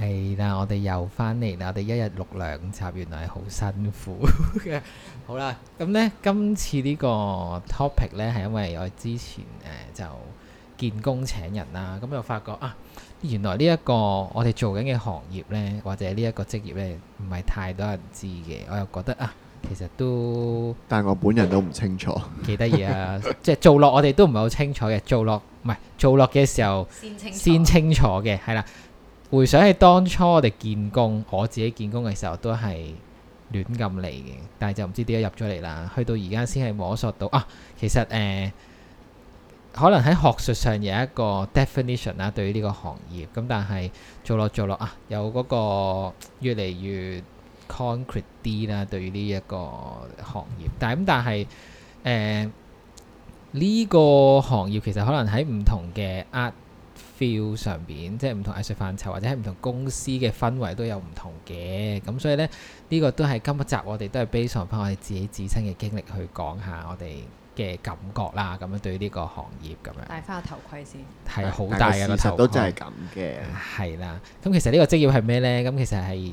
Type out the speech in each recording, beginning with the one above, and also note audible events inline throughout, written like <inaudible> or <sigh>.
係啦，我哋又翻嚟啦，我哋一日錄兩集，原來係好辛苦嘅。 <laughs> 好啦，咁呢今次呢個 topic 呢，係因為我之前誒、呃、就見工請人啦，咁、嗯、又發覺啊，原來呢一個我哋做緊嘅行業呢，或者呢一個職業呢，唔係太多人知嘅。我又覺得啊，其實都但係我本人都唔清楚，幾得意啊！ <laughs> 即係做落，我哋都唔係好清楚嘅。做落唔係做落嘅時候先清楚嘅，係啦。回想起當初我哋建工，我自己建工嘅時候都係亂咁嚟嘅，但係就唔知點解入咗嚟啦。去到而家先係摸索到啊，其實誒可能喺學術上有一個 definition 啦，對於呢個行業。咁但係做落做落啊，有嗰個越嚟越 concrete 啲啦，對於呢一個行業。但係咁，但係誒呢個行業其實可能喺唔同嘅呃。Feel 上邊，即係唔同藝術範疇，或者喺唔同公司嘅氛圍都有唔同嘅，咁所以呢，呢、呢個都係今集我哋都係 base on 翻我哋自己自身嘅經歷去講下我哋嘅感覺啦，咁樣對呢個行業咁樣。戴翻個頭盔先，係好、啊、大嘅、嗯、啦，都真係咁嘅。係啦，咁其實呢個職業係咩呢？咁其實係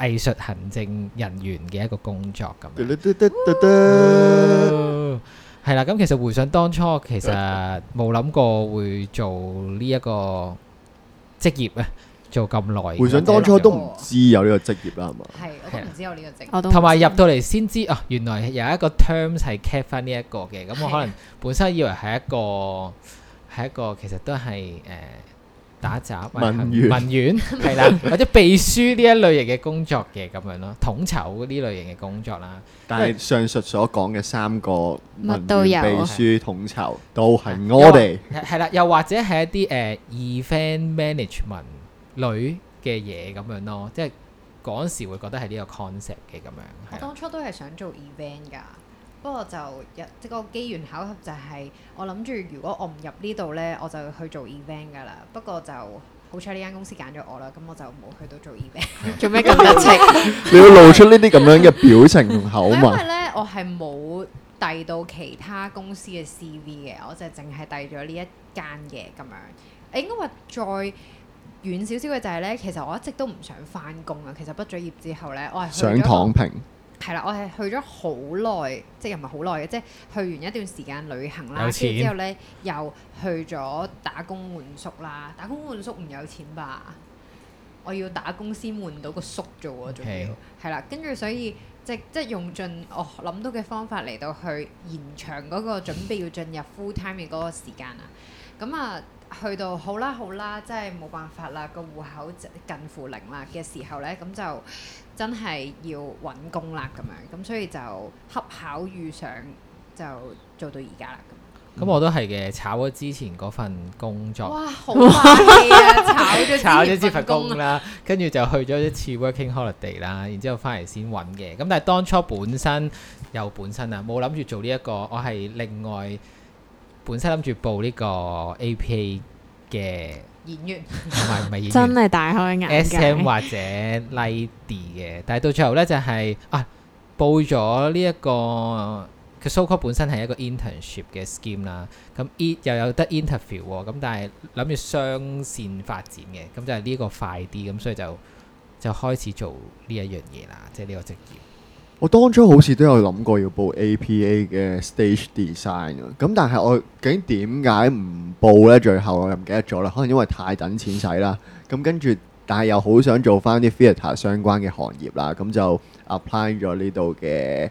藝術行政人員嘅一個工作咁樣。係啦，咁其實回想當初，其實冇諗過會做呢一個職業啊，做咁耐。回想當初都唔知有呢個職業啦，係嘛了？係了，我都唔知有呢個職業。同埋了入到嚟先知，哦、啊，啊、原來有一個 terms 係 cap 翻呢一個嘅。咁了我可能本身以為係一個係一個，一個其實都係誒。呃打雜、文員、文員係啦，或者秘書呢一類型嘅工作嘅咁樣咯，統籌呢類型嘅工作啦。但係上述所講嘅三個乜都有，秘書、統籌都係我哋係啦，又或者係一啲誒、uh, event management 類嘅嘢咁樣咯，即係嗰陣時會覺得係呢個 concept 嘅咁樣。我當初都係想做 event 㗎。不過就一即係嗰個機緣巧合就係、是、我諗住如果我唔入呢度呢，我就去做 event 噶啦。不過就好彩呢間公司揀咗我啦，咁我就冇去到做 event。做咩咁激情？你要露出呢啲咁樣嘅表情同口嘛？ <laughs> 因為呢，我係冇遞到其他公司嘅 CV 嘅，我就淨係遞咗呢一間嘅咁樣。誒應該話再遠少少嘅就係呢。其實我一直都唔想返工啊。其實畢咗業之後呢，我係想躺平。係啦，我係去咗好耐，即係又唔係好耐嘅，即係去完一段時間旅行啦，錢跟住之後呢，又去咗打工換宿啦。打工換宿唔有錢吧？我要打工先換到個宿做啊，仲要係啦 Okay.。跟住所以即即用盡我諗、哦、到嘅方法嚟到去延長嗰個準備要進入 full time 嘅嗰個時間啊。咁啊，去到好啦好啦，即係冇辦法啦，個戶口近乎零啦嘅時候呢，咁就真係要揾工啦咁樣，咁所以就恰巧遇上就做到而家啦。咁、嗯、我都係嘅，炒咗之前嗰份工作，哇好啊， <laughs> 炒咗炒咗呢份工啦，跟住 <laughs> <laughs> 就去咗一次 working holiday 啦，然之後翻嚟先揾嘅。咁但係當初本身又本身啊，冇諗住做呢、這、一個，我係另外。本身諗住報呢個 APA 嘅演員，同埋唔係演員， <laughs> 真係大開眼界 SM 或者 Lady 嘅，但係到最後咧就係、是、啊報咗呢、這個、一個，佢 Soco 本身係一個 internship 嘅 scheme 啦。咁 it 又有得 interview 喎、哦，咁但係諗住雙線發展嘅，咁就係呢個快啲，咁所以就就開始做呢一樣嘢啦，即係呢個職業。我當初好似都有諗過要報 APA 嘅 stage design 啊，咁但係我究竟點解唔報呢？最後我又唔記得咗啦，可能因為太等錢使啦。咁跟住，但係又好想做返啲 theatre 相關嘅行業啦，咁就 apply 咗呢度嘅誒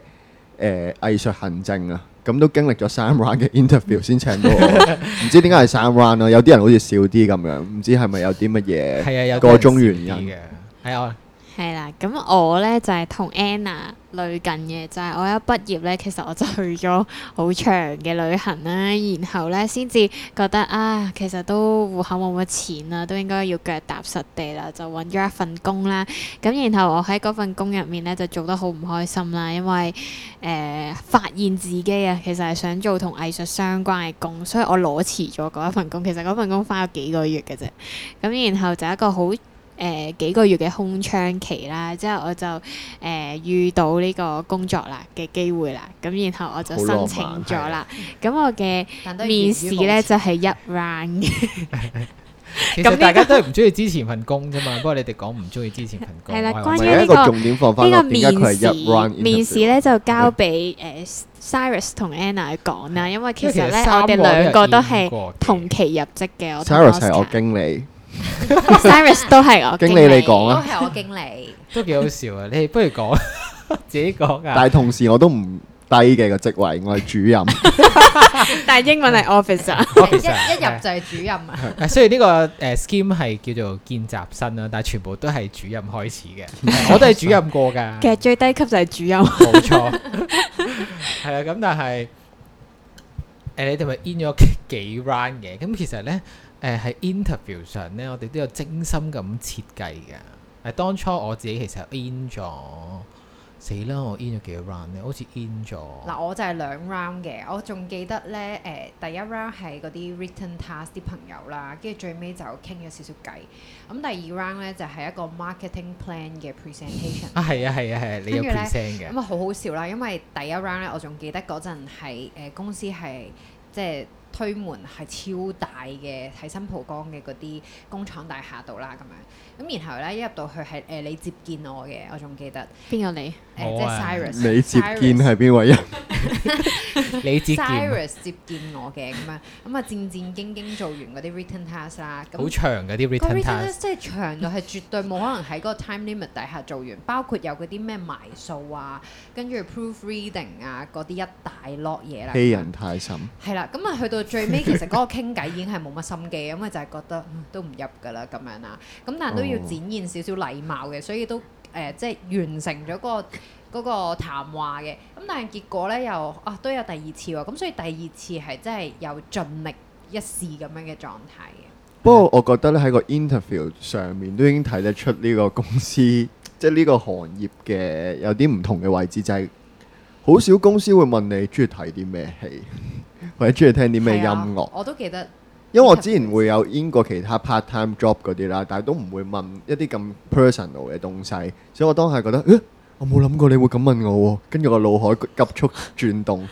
藝、呃、術行政啊。咁都經歷咗三 round 嘅 interview 先請到我。唔 <laughs> 知點解係三 round 咯？有啲人好似少啲咁樣，唔知係咪有啲乜嘢？係啊，有個中原因嘅。係啊。係啦，咁我咧就係同 Anna 旅近嘅，就係、是就是，我一畢業咧，其實我就去咗好長嘅旅行啦，啊，然後咧先至覺得啊，其實都戶口冇乜錢啦，都應該要腳踏實地啦，就搵咗一份工啦。咁然後我喺嗰份工入面咧就做得好唔開心啦，因為誒、呃、發現自己啊，其實係想做同藝術相關嘅工，所以我裸辭咗嗰一份工。其實嗰份工返咗幾個月嘅啫，咁然後就一個好。誒，幾個月嘅空窗期啦，之後我就誒遇到呢個工作啦嘅機會啦，咁然後我就申請咗啦。咁我嘅面試咧就係一 round 嘅。其實大家都係唔中意之前份工啫嘛，不過你哋講唔中意之前份工。係啦，關於呢個重點放翻喺邊啊？佢係一 round。面試咧就交俾誒 Cyrus 同 Anna 去講啦，因為其實咧我哋兩個都係同期入職嘅。Cyrus 係我經理。Service 都係我經理，你講啊，都係我經理，都幾好笑啊！你不如講自己講㗎。但係同時我都唔低嘅個職位，我係主任。但係英文係 Officer，一入就係主任啊。雖然呢個誒 Scheme 係叫做見習生啦，但係全部都係主任開始嘅，我都係主任過噶。其實最低級就係主任，冇錯。係啊，咁但係誒，你哋咪 in 咗幾 round 嘅？咁其實咧。誒喺、呃、interview 上咧，我哋都有精心咁設計嘅。誒、呃、當初我自己其實 in 咗，死啦！我 in 咗幾 round 咧，好似 in 咗。嗱，我就係兩 round 嘅。我仲記得咧，誒、呃、第一 round 係嗰啲 written task 啲朋友啦，跟住最尾就傾咗少少偈。咁、嗯、第二 round 咧就係、是、一個 marketing plan 嘅 presentation。 <laughs> 啊，係啊，係啊，係，你有 present 嘅。咁啊，好、嗯、好笑啦，因為第一 round 咧，我仲記得嗰陣係公司係即係。推門係超大嘅，喺新蒲崗嘅嗰啲工廠大廈度啦，咁樣，咁然後咧一入到去係誒、呃、你接見我嘅，我仲記得邊個你。誒，即係 Sirus。你接見係邊位人？你接 Sirus 接見我嘅咁啊，咁啊戰戰兢兢做完嗰啲 written task 啦，咁好長嘅啲 written task，即係長到係絕對冇可能喺嗰個 time limit 底下做完，包括有嗰啲咩埋數啊，跟住 proofreading 啊嗰啲一大落嘢啦。欺人太甚。係啦，咁啊去到最尾，其實嗰個傾偈已經係冇乜心機，咁咪就係覺得都唔入噶啦咁樣啦，咁但係都要展現少少禮貌嘅，所以都。誒、呃，即係完成咗、那個嗰、那個談話嘅，咁但係結果呢又啊，都有第二次喎，咁所以第二次係真係有盡力一試咁樣嘅狀態。嗯、不過我覺得咧喺個 interview 上面都已經睇得出呢個公司，即係呢個行業嘅有啲唔同嘅位置，就係、是、好少公司會問你中意睇啲咩戲，或者中意聽啲咩音樂，啊。我都記得。因為我之前會有 in 過其他 part time job 嗰啲啦，但係都唔會問一啲咁 personal 嘅東西，所以我當下覺得，誒，我冇諗過你會咁問我喎。跟住我腦海急速轉動，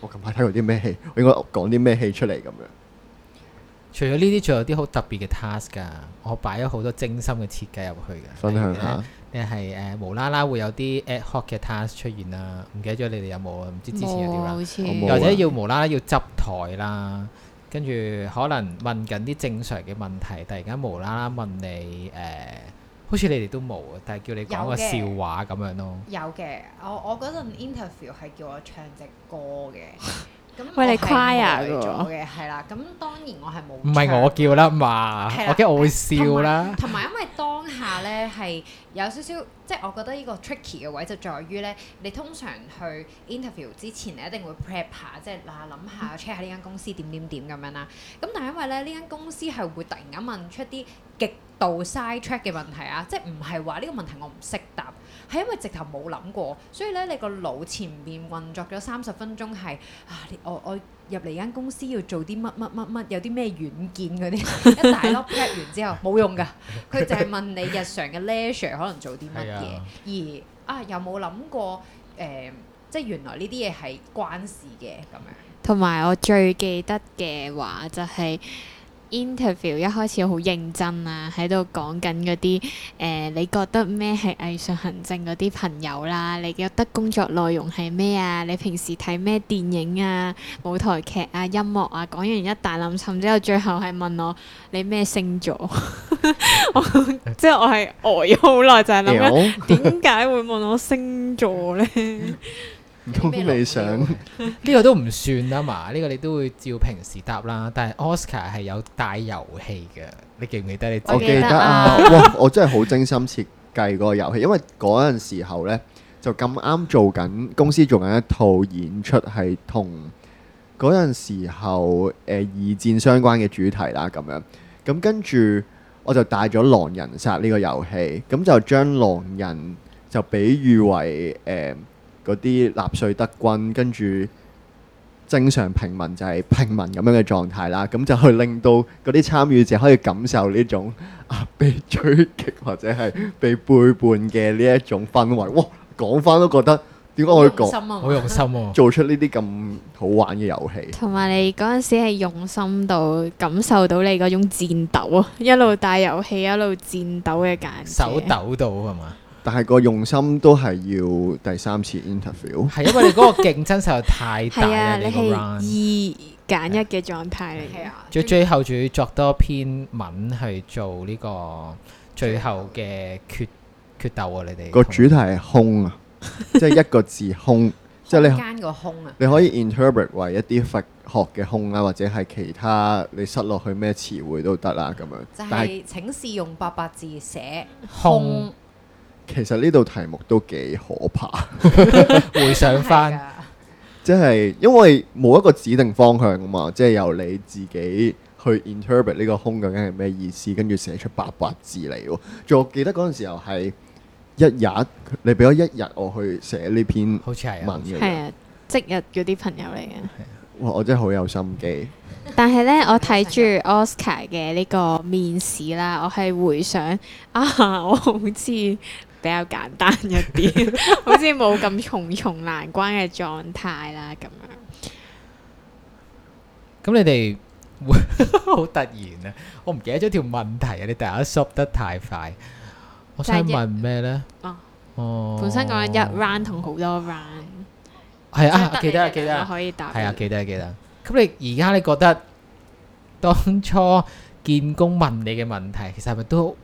我近排睇過啲咩戲，我應該講啲咩戲出嚟咁樣。除咗呢啲，仲有啲好特別嘅 task 㗎，我擺咗好多精心嘅設計入去嘅。分享下，你係誒無啦啦會有啲 ad hoc 嘅 task 出現啦，唔記得咗你哋有冇？唔知之前有啲啦，或者要無啦啦要執台啦。跟住可能問緊啲正常嘅問題，突然間無啦啦問你誒、呃，好似你哋都冇啊，但係叫你講的個笑話咁樣咯。有嘅，我我嗰陣 interview 係叫我唱隻歌嘅。 <laughs> 餵你誇啊！咗嘅，係喂啦。咁當然我係冇。唔係我叫啦嘛，啦我驚我會笑啦。同埋因為當下咧係有少少，即係 <laughs> 我覺得呢個 tricky 嘅位就在於咧，你通常去 interview 之前你一定會 prep 下，即係嗱諗下 check、嗯、下呢間公司點點點咁樣啦。咁但係因為咧呢間公司係會突然間問出啲極度 sidetrack 嘅問題啊，即係唔係話呢個問題我唔識答。係因為直頭冇諗過，所以咧你個腦前邊運作咗三十分鐘係啊！我我入嚟間公司要做啲乜乜乜乜，有啲咩軟件嗰啲 <laughs> 一大一粒 pack 完之後冇用噶，佢 <laughs> 就係問你日常嘅 leisure 可能做啲乜嘢， <laughs> 而啊又冇諗過誒、呃，即係原來呢啲嘢係關事嘅咁樣。同埋我最記得嘅話就係、是。Interview 一開始好認真啊，喺度講緊嗰啲誒，你覺得咩係藝術行政嗰啲朋友啦？你覺得工作內容係咩啊？你平時睇咩電影啊、舞台劇啊、音樂啊？講完一大林尋之後，最後係問我你咩星座？ <laughs> <laughs> 我 <laughs> <laughs> 即係我係呆咗好耐，就係諗緊點解會問我星座呢？ <laughs> 我都未想呢 <laughs> 個都唔算啊嘛，呢、呢個你都會照平時答啦。但係 Oscar 係有帶遊戲嘅，你記唔記得你？你我記得啊！ <laughs> 哇，我真係好精心設計嗰個遊戲，因為嗰陣時候呢，就咁啱做緊公司做緊一套演出，係同嗰陣時候誒、呃、二戰相關嘅主題啦。咁樣咁跟住我就帶咗《狼人殺》呢個遊戲，咁就將狼人就比喻為誒。呃嗰啲納粹德軍跟住正常平民就係平民咁樣嘅狀態啦，咁就去令到嗰啲參與者可以感受呢種被追擊或者係被背叛嘅呢一種氛圍。哇！講翻都覺得點解我會講好用心喎、啊，做出呢啲咁好玩嘅遊戲。同埋你嗰陣時係用心到感受到你嗰種戰鬥啊，一路帶遊戲一路戰鬥嘅感覺。手抖到係嘛？但係個用心都係要第三次 interview，係 <laughs> <laughs> 因為你嗰個競爭實在太大啦。 <laughs> 你係二揀一嘅狀態嚟嘅，最 <laughs> 最後仲要作多篇文去做呢個最後嘅決決鬥啊！後你哋個主題係空啊， <laughs> 即係一個字空， <laughs> 即係你間個空啊。你可以 interpret 為一啲佛學嘅空啊，或者係其他你塞落去咩詞彙都得啦咁樣。就係請試用八百字寫空。空其實呢道題目都幾可怕， <laughs> <laughs> 回想翻，即係的因為冇一個指定方向啊嘛，即係由你自己去 interpret 呢個空究竟係咩意思，跟住寫出八百字嚟喎。仲記得嗰陣時候係一日，你俾咗一日我去寫呢篇好，好似係文嘅，啊，即日嗰啲朋友嚟嘅。哇，我真係好有心機。但係呢，我睇住 Oscar 嘅呢個面試啦，我係回想啊，我好似～比較簡單一啲，好似冇咁重重難關嘅狀態啦，咁樣。咁你哋會好突然啊！我唔記得咗條問題啊！你突然間縮得太快，我想問咩呢？哦，哦，本身講一 round 同好多 round。係啊，記得記得，可以答。係啊，記得記得。咁你而家你覺得當初見工問你嘅問題，其實係咪都？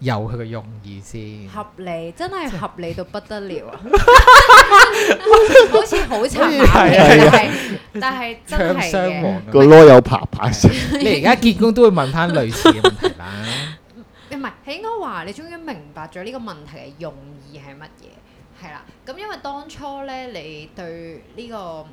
有佢嘅用意先，合理真係合理到不得了啊！好似好沉但係真係嘅個囉有爬爬先。你而家見工都會問返類似嘅問題啦。唔係，佢應該話你終於明白咗呢個問題嘅用意係乜嘢？係啦，咁因為當初咧，你對呢個。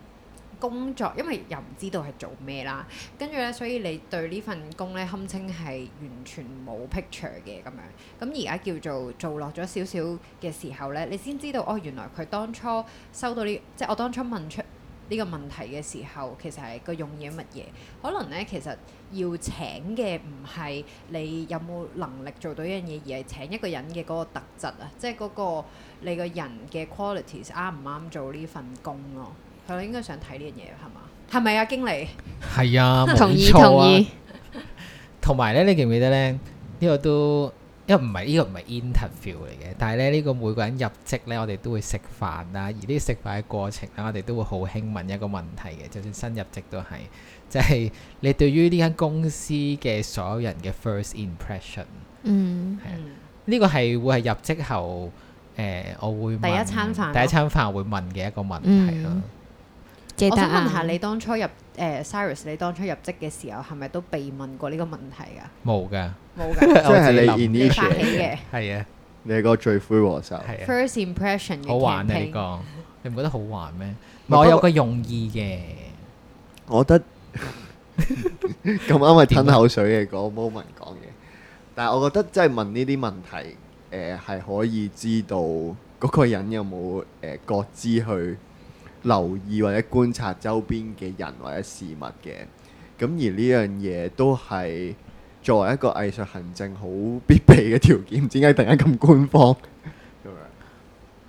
工作，因為又唔知道係做咩啦，跟住咧，所以你對呢份工咧堪稱係完全冇 picture 嘅咁樣。咁而家叫做做落咗少少嘅時候咧，你先知道哦，原來佢當初收到呢、這個，即係我當初問出呢個問題嘅時候，其實係個用意係乜嘢？可能咧，其實要請嘅唔係你有冇能力做到一樣嘢，而係請一個人嘅嗰個特質啊，即係嗰、那個你個人嘅 qualities 啱唔啱做呢份工咯。係咯，應該想睇呢樣嘢係嘛？係咪啊，經理？係啊，同意、啊、同意。同埋咧， <laughs> 你記唔記得咧？呢、這個都因為唔係呢個唔係 interview 嚟嘅，但係咧呢、這個每個人入職咧，我哋都會食飯啦，而呢個食飯嘅過程咧，我哋都會好興問一個問題嘅，就算新入職都係，就係、是、你對於呢間公司嘅所有人嘅 first impression。嗯，係呢個係會係入職後誒、呃，我會問第一餐飯、啊、第一餐飯會問嘅一個問題咯、啊。嗯。啊、我想問下你當初入誒、呃、Cyrus，你當初入職嘅時候係咪都被問過呢個問題啊？冇嘅，冇嘅，即係你 initiate 嘅，係啊，你係個罪魁禍首，係啊。First impression，好玩，你講，你唔覺得好玩咩？我有個用意嘅，我覺得咁啱係吞口水嘅嗰 moment 講嘢，但係我覺得即係問呢啲問題，誒、呃、係可以知道嗰個人有冇誒覺知去。留意或者觀察周邊嘅人或者事物嘅，咁而呢樣嘢都係作為一個藝術行政好必備嘅條件。點解突然間咁官方？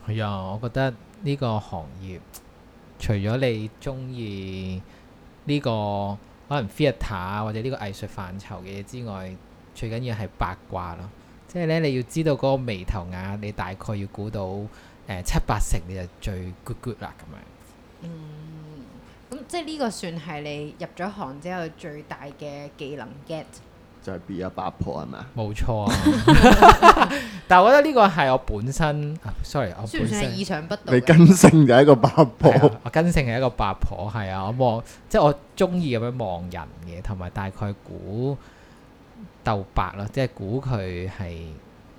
係 <laughs> 啊、嗯，我覺得呢個行業除咗你中意呢個可能 theatre 或者呢個藝術範疇嘅嘢之外，最緊要係八卦咯。即係呢，你要知道嗰個眉頭眼，你大概要估到、呃、七八成，你就最 good good 啦咁樣。嗯，咁即係呢個算係你入咗行之後最大嘅技能 get，就係變一八婆係嘛？冇錯啊！ <laughs> <laughs> 但係我覺得呢個係我本身、啊、，sorry，我本身算唔算意想不到？你根性就係一個八婆， <laughs> 啊、我根性係一個八婆，係啊！我望，即係我中意咁樣望人嘅，同埋大概估斗白啦，即係估佢係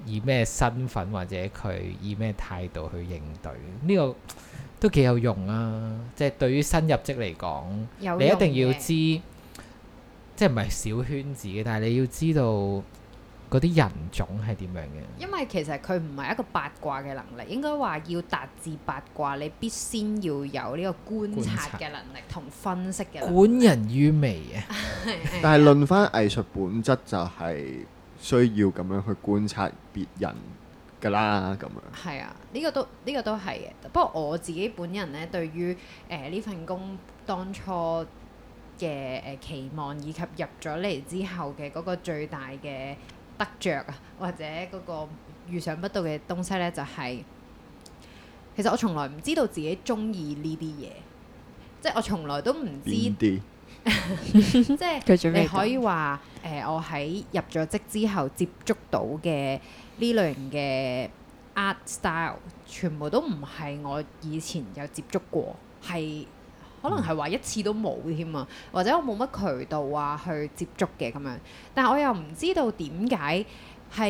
以咩身份或者佢以咩態度去應對呢、呢個。都幾有用啊！即係對於新入職嚟講，用你一定要知，即係唔係小圈子嘅，但係你要知道嗰啲人種係點樣嘅。因為其實佢唔係一個八卦嘅能力，應該話要達至八卦，你必先要有呢個觀察嘅能力同分析嘅能力。觀人於微啊！但係論翻藝術本質就係需要咁樣去觀察別人。噶啦咁樣，係啊，呢、這個都呢、這個都係。不過我自己本人呢，對於誒呢份工當初嘅、呃、期望，以及入咗嚟之後嘅嗰個最大嘅得着，啊，或者嗰個預想不到嘅東西呢，就係、是、其實我從來唔知道自己中意呢啲嘢，即係我從來都唔知。 <laughs> 即係你可以話誒、呃，我喺入咗職之後接觸到嘅呢類型嘅 art style，全部都唔係我以前有接觸過，係可能係話一次都冇添啊，或者我冇乜渠道啊去接觸嘅咁樣。但係我又唔知道點解係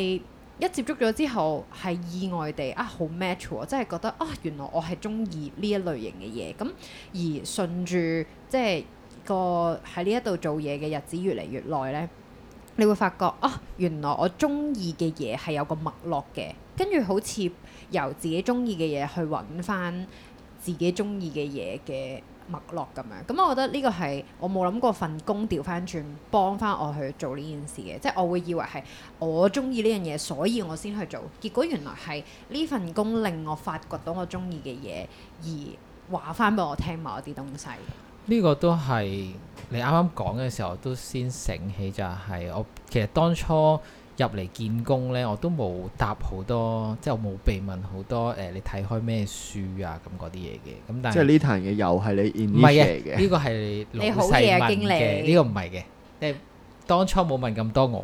一接觸咗之後係意外地啊好 match，即係覺得啊、哦、原來我係中意呢一類型嘅嘢，咁而順住即係。個喺呢一度做嘢嘅日子越嚟越耐呢，你會發覺啊，原來我中意嘅嘢係有個脈絡嘅，跟住好似由自己中意嘅嘢去揾翻自己中意嘅嘢嘅脈絡咁樣。咁、嗯、我覺得呢個係我冇諗過份工調翻轉幫翻我去做呢件事嘅，即係我會以為係我中意呢樣嘢，所以我先去做。結果原來係呢份工令我發掘到我中意嘅嘢，而話翻俾我聽某一啲東西。呢個都係你啱啱講嘅時候都先醒起、就是，就係我其實當初入嚟見工咧，我都冇答好多，即係我冇被問好多誒、呃，你睇開咩書啊，咁嗰啲嘢嘅。咁但係即係呢壇嘅又係你 in year 嘅。呢個係老細問嘅，呢、啊、個唔係嘅。即係當初冇問咁多我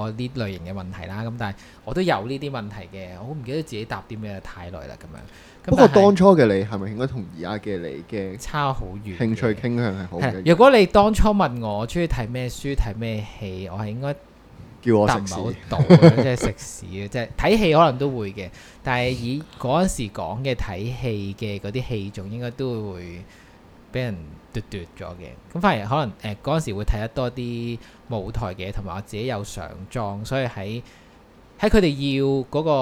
我呢類型嘅問題啦。咁但係我都有呢啲問題嘅，我唔記得自己答啲咩，太耐啦咁樣。不過當初嘅你係咪應該同而家嘅你嘅差好遠？興趣傾向係好。如果你當初問我中意睇咩書、睇咩戲，我係應該叫我唔係好懂，即係食屎嘅，即係睇戲可能都會嘅。但係以嗰陣時講嘅睇戲嘅嗰啲戲，仲應該都會俾人嘟嘟咗嘅。咁反而可能誒嗰陣時會睇得多啲舞台嘅，同埋我自己有上莊，所以喺喺佢哋要嗰、嗰個、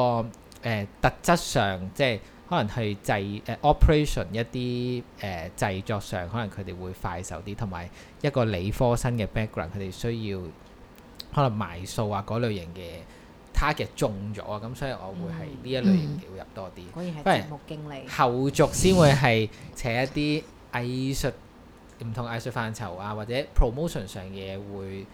呃、特質上，即係。可能去製誒、呃、operation 一啲誒、呃、製作上，可能佢哋會快手啲，同埋一個理科生嘅 background，佢哋需要可能埋數啊嗰類型嘅他嘅中咗啊，咁所以我會係呢一類型嘅會入多啲。可以係節目經理。嗯、後續先會係請一啲藝術唔、嗯、同藝術範疇啊，或者 promotion 上嘅嘢會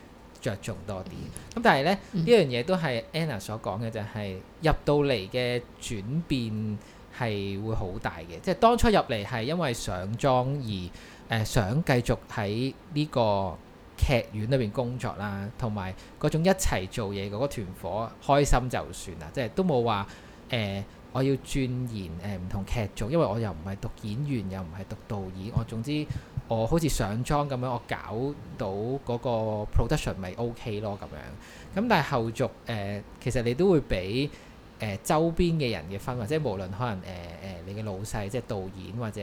着重多啲。咁、嗯嗯、但係咧呢、嗯、樣嘢都係 Anna 所講嘅，就係、是、入到嚟嘅轉變。係會好大嘅，即係當初入嚟係因為上莊而誒、呃、想繼續喺呢個劇院裏邊工作啦，同埋嗰種一齊做嘢嗰個團伙開心就算啦，即係都冇話誒我要鑽研誒唔同劇組，因為我又唔係讀演員，又唔係讀導演，我總之我好似上莊咁樣，我搞到嗰個 production 咪 OK 咯咁樣。咁但係後續誒、呃，其實你都會俾。誒、呃、周邊嘅人嘅分，或者係無論可能誒誒、呃呃、你嘅老細，即係導演或者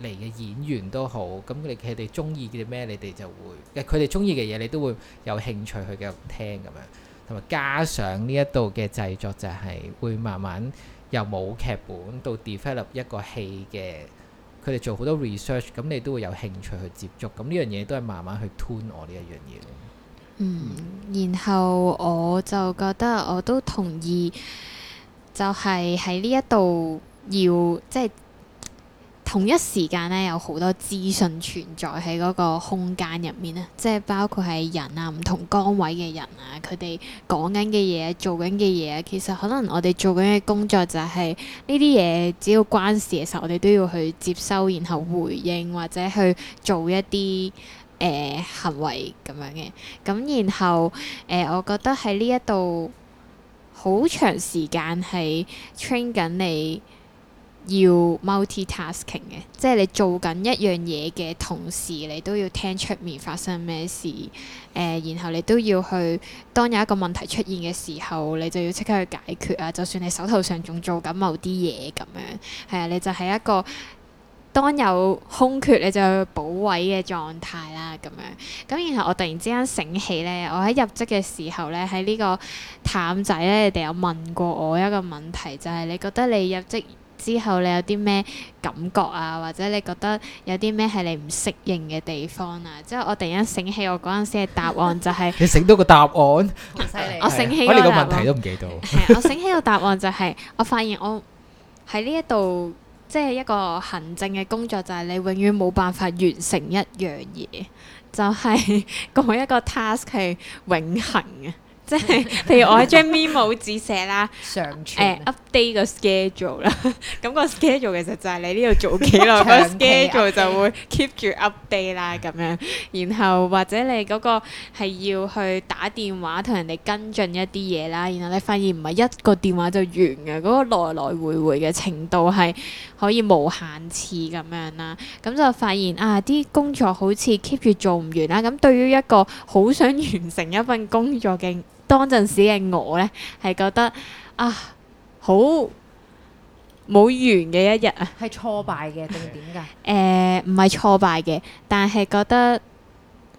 嚟嘅演員都好，咁你佢哋中意嘅咩，你哋就會，佢哋中意嘅嘢，你都會有興趣去嘅聽咁樣，同埋加上呢一度嘅製作就係會慢慢由冇劇本到 develop 一個戲嘅，佢哋做好多 research，咁你都會有興趣去接觸，咁呢樣嘢都係慢慢去 tune 我呢一樣嘢咯。嗯嗯、然後我就覺得我都同意。就係喺呢一度要即係同一時間咧，有好多資訊存在喺嗰個空間入面啊，即係包括係人啊，唔同崗位嘅人啊，佢哋講緊嘅嘢、做緊嘅嘢啊，其實可能我哋做緊嘅工作就係呢啲嘢，只要關事嘅時候，我哋都要去接收，然後回應或者去做一啲誒、呃、行為咁樣嘅。咁然後誒、呃，我覺得喺呢一度，好長時間係 train 緊你要 multitasking 嘅，即係你做緊一樣嘢嘅同時，你都要聽出面發生咩事，呃，然後你都要去，當有一個問題出現嘅時候，你就要即刻去解決啊！就算你手頭上仲做緊某啲嘢咁樣，係啊，你就係一個。當有空缺，你就補位嘅狀態啦，咁樣。咁然後我突然之間醒起呢。我喺入職嘅時候呢，喺呢個談仔呢，你哋有問過我一個問題，就係、是、你覺得你入職之後你有啲咩感覺啊，或者你覺得有啲咩係你唔適應嘅地方啊？之後我突然間醒起，我嗰陣時嘅答案就係、是、 <laughs> 你醒到個答案， <laughs> 害 <laughs> 我醒起個答案問題都唔記得。 <laughs> 我醒起個答案就係、是，我發現我喺呢一度。即係一個行政嘅工作，就係、是、你永遠冇辦法完成一樣嘢，就係、是、講 <laughs> 一個 task 係永恆嘅。即係，譬如我將 memo 紙寫啦， <laughs> 呃、上傳、uh，update 個 schedule 啦。咁個 schedule 其實就係你呢度做幾耐個 schedule 就會 keep 住 update 啦，咁樣。然後或者你嗰個係要去打電話同人哋跟進一啲嘢啦，然後你發現唔係一個電話就完嘅、啊，嗰、嗰個來來回回嘅程度係可以無限次咁樣啦。咁就發現啊，啲工作好似 keep 住做唔完啦、啊。咁對於一個好想完成一份工作嘅，當陣時嘅我呢，係覺得啊，好冇完嘅一日啊，係挫敗嘅定係點噶？誒，唔係、呃、挫敗嘅，但係覺得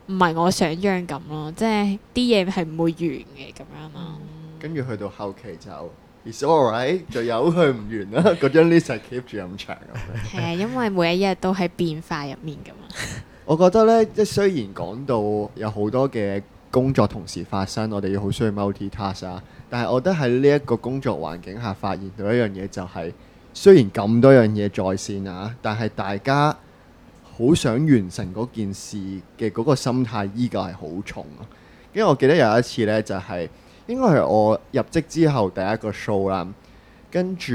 唔係我想象咁咯，即係啲嘢係唔會完嘅咁樣咯。跟住去到後期就 it's alright，就由佢唔完啦。嗰張 list 係 keep 住咁長咁。係啊，因為每一日都喺變化入面噶嘛。 <laughs> 我覺得呢，即係雖然講到有好多嘅。工作同時發生，我哋要好需要 multi task 啊！但係我覺得喺呢一個工作環境下，發現到一樣嘢就係雖然咁多樣嘢在線啊，但係大家好想完成嗰件事嘅嗰個心態依舊係好重啊！因為我記得有一次呢，就係應該係我入職之後第一個 show 啦，跟住